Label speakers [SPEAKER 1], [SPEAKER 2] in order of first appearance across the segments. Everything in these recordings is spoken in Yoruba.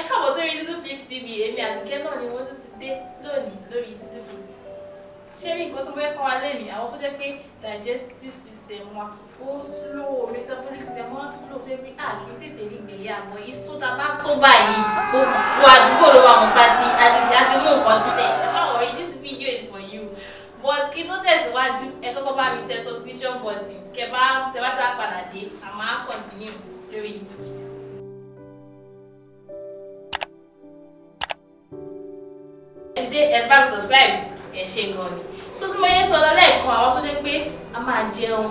[SPEAKER 1] ẹ káàbọ̀ sórí dúdú flips tv èmi àdùkẹ́ náà ni wọ́n ti ti dé lónìí lórí dúdú flips ṣé rí nǹkan tó fẹ́ kọ́ wa lẹ́nu àwọn tó jẹ́ pé digestive system wa ó slow metabolic system wa slow tó bí àkíyè tètè nígbè yá àbọ̀ yìí sódà bá sọ báyìí gbogbo àdúgbò ló wà nípa ti àti mú nǹkan sílẹ̀ ẹ má wọrí this video is for you but kí tó tẹ̀síwájú ẹ kọ́kọ́ bá mi tẹ subscription button kẹ bá tẹ bá ti wá padà dé àmọ́ á continue lórí dúdú. dé ẹ bá mi subscribe ẹ ṣe gan ni so tí mo yẹn sọ lọ́lẹ́ẹ̀kan àwọn tó dé pé a máa jẹun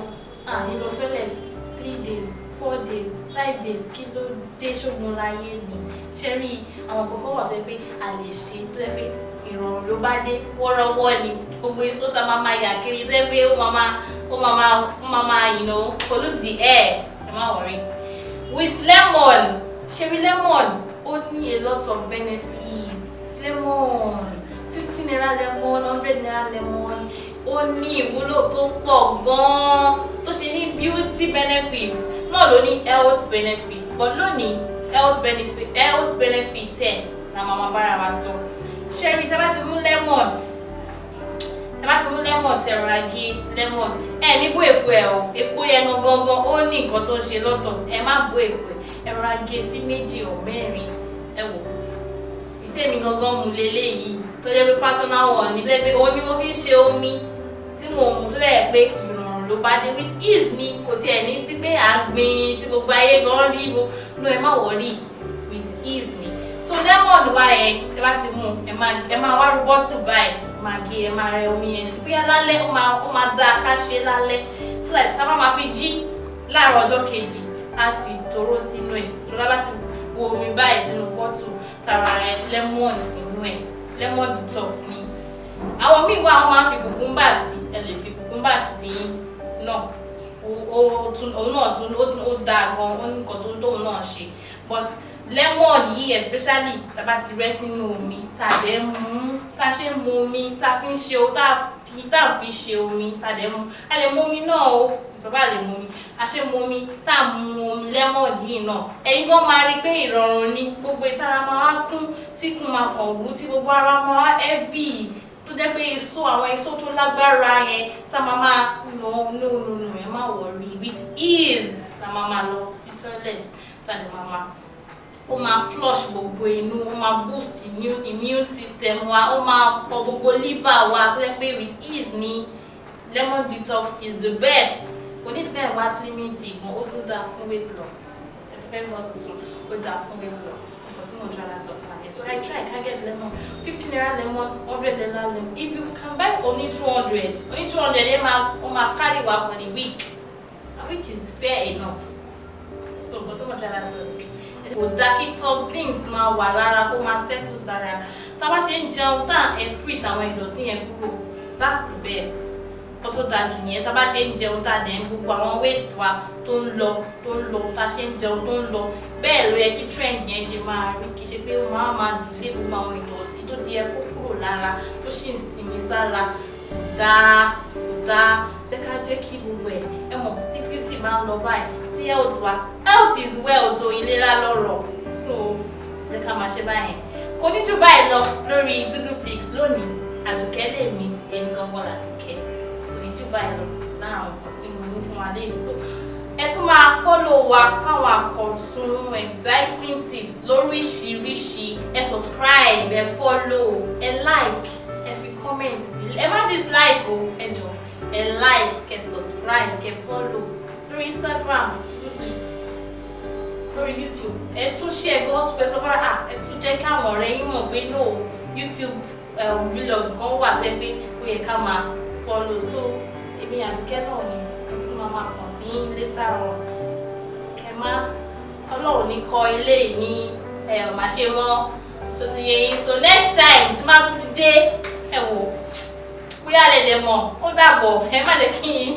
[SPEAKER 1] à ní lọ toilet three days four days five days kí ló dé ṣógun láyé ni ṣe rí àwọn kòkó wà tó dé pé a lè ṣe tó dé pé ìrọ̀rùn ló bá dé wọ́rọ́wọ́ ni gbogbo iṣó tá a máa máa yà kiri tó dé pé ó máa máa ó máa máa ó máa máa you know pollute the air ẹ má wọrí with lemon ṣe rí lemon ó ní a lot of benefits lemon mineral lemon hundred naira lemon ó ní ìwúlò tó pọ̀ gan-an tó ṣe ní beauty benefits náà ló ní health benefits but lónìí health benefit health benefits ẹ̀ na mama bára wa sọ ṣẹ́rí tí a bá ti mú lemon tí a bá ti mú lemon tẹ̀rọ̀ra gé lemon ẹ ní bó èpo ẹ o èpo yẹn gan gangan ó ní nǹkan tó ń ṣe lọ́tọ̀ ẹ má bó èpo ẹ ẹ̀rọ̀ra gé e sí méjì ọ̀ mẹ́rin ẹ wò ó tèmi gangan mu leléyìí tó jẹ́ pé personal one mi tó jẹ́ pé òun ni mo fi ń ṣe omi tí mo mú tó lẹ́yìn pé ìrọ̀rùn ló bá dé with ease ni kò tiẹ̀ ní sí pé à ń tí gbogbo ayé gan rí mo no ẹ má wọrí with ease ni so lemon wa ẹ ẹ bá ti mú ẹ máa wá rúbọ́tù báyìí máa gé ẹ máa rẹ omi yẹn sí bóyá lálẹ́ ó máa dá a ká ṣe lálẹ́ so that tá a bá máa fi jí láàárọ̀ ọjọ́ kejì láti toró sínú ẹ̀ tó lábá ti wo omi báyìí sínú bọ́tù tara ẹ lemon sínú ẹ lemon detox ni àwọn míì wà wọn máa fi kùkúmbà sí ẹ lè fi kùkúmbà sí tiyín náà òun náà tún ó dáa gan ó ní nǹkan tó tóun náà ṣe but lemon yìí especially tá a bá ti rẹ́ sínú omi tá a dẹ̀ mú tá a ṣe ń mu omi tá a fi ń ṣe o tá a tá à fi ṣe omi tá a dẹ̀ mu a lè mu omi náà o ìtọ́ba lè mu omi a ṣe mu omi tá a mu omi lẹ́mọ̀dì yìí náà ẹ̀yin gan máa rí i pé ìrọ̀rùn ni gbogbo ìtara máa wá kún tí kún máa kàn wú tí gbogbo ara máa wá ẹ́bì tó jẹ́ pé èso àwọn èso tó lágbára yẹn tá a máa máa nà ọ́nà ònà ẹ̀ máa wọ̀ rí with ease tá a máa máa lọ sí toilet tá a lè máa máa ó máa flush gbogbo inú ó máa boost immune system wa ó máa fọ gbogbo liver wa tó yẹ pé with ease ni lemon detox is the best kò ní ìpínlẹ̀ wá sí míìtì ìgbọ̀n ó tún dáa fún weight loss thirty-five months tuntun ó dáa fún weight loss nǹkan tí mo ń try láti so I try can get lemon fifteen naira lemon hundred naira lemon if you can buy only two hundred only two hundred ẹ máa ó máa carry wa for the week which is fair enough so nǹkan tí mo ṣe láti sọ pé kò dá kí toxins máa wà lára kó máa settle sára tá a bá ṣe ń jẹun tá à ń excrete àwọn ìdọ̀tí yẹn kúrò that's the best kó tó da jù nìyẹn tá a bá ṣe ń jẹun tá a dẹ̀ ń gbogbo àwọn waste wa tó ń lọ tó ń lọ tá a ṣe ń jẹun tó ń lọ bẹ́ẹ̀ ló yẹ kí trend yẹn ṣe máa rí kì í ṣe pé máa máa dìlé gbogbo àwọn ìdọ̀tí tó ti yẹ kó kúrò lára tó sì ń sinmi sára dáa dáa ṣé ká jẹ́ kí gbogbo ẹ̀ ẹ mọ̀ tí beauty máa ń lọ báyìí sí health wa health is well to ìlera lọ́rọ̀ so jẹ́ ká máa ṣe báyẹn kò ní jù báyìí lọ lórí dúdú flix lónìí àdùkẹ́ lè mi ẹni gangan làdùkẹ́ kò ní jù báyìí lọ lára àwọn nǹkan tí mo ní fún wa lẹ́yìn so ẹ tún máa fọ́lọ̀ wa fáwọn àkọ́tún exciting tips lóríṣiríṣi ẹ subscribe ẹ fọ́lọ̀ ẹ like ẹ fi comment ẹ má dislike o ẹ jọ ẹ like kẹ subscribe kẹ follow through Instagram lórí YouTube ẹ tún ṣe gospel tó bá à ẹ tún jẹ́ káwọn ọ̀rẹ́ yín mọ̀ pé no YouTube eh, vlog kan wà lẹ́gbẹ́ ó yẹ ká máa follow so èmi àdúkẹ́ náà ni àti màmá kàn sí yín létà wọn kẹ má ọlọ́run ní kọ ilé ní màṣẹ mọ́ tuntun yẹn yín so next time tí má tún ti dé ẹ wò bóyá lè lè mọ̀ ó dàbọ̀ ẹ má lè kí yín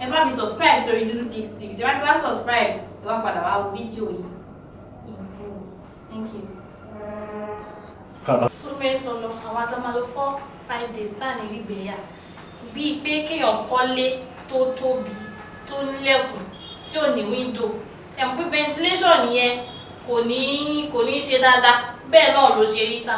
[SPEAKER 1] ẹ bá mi subscribe sórí Doodoplease TV ẹ bá ti wá subscribe ẹ wá padà wá wo fídíò yìí ìfún thank you. súnmẹ́ sọlọ àwọn àtọ́mọ́ ló fọ́ five days tá à ní rí gbẹ̀yà bíi pé kéèyàn kọ́lé tó tóbi tó nílẹ̀kùn tí ò ní wíńdò ẹ̀ ventilation yẹn kò ní kò ní ṣe dáadáa bẹ́ẹ̀ náà ló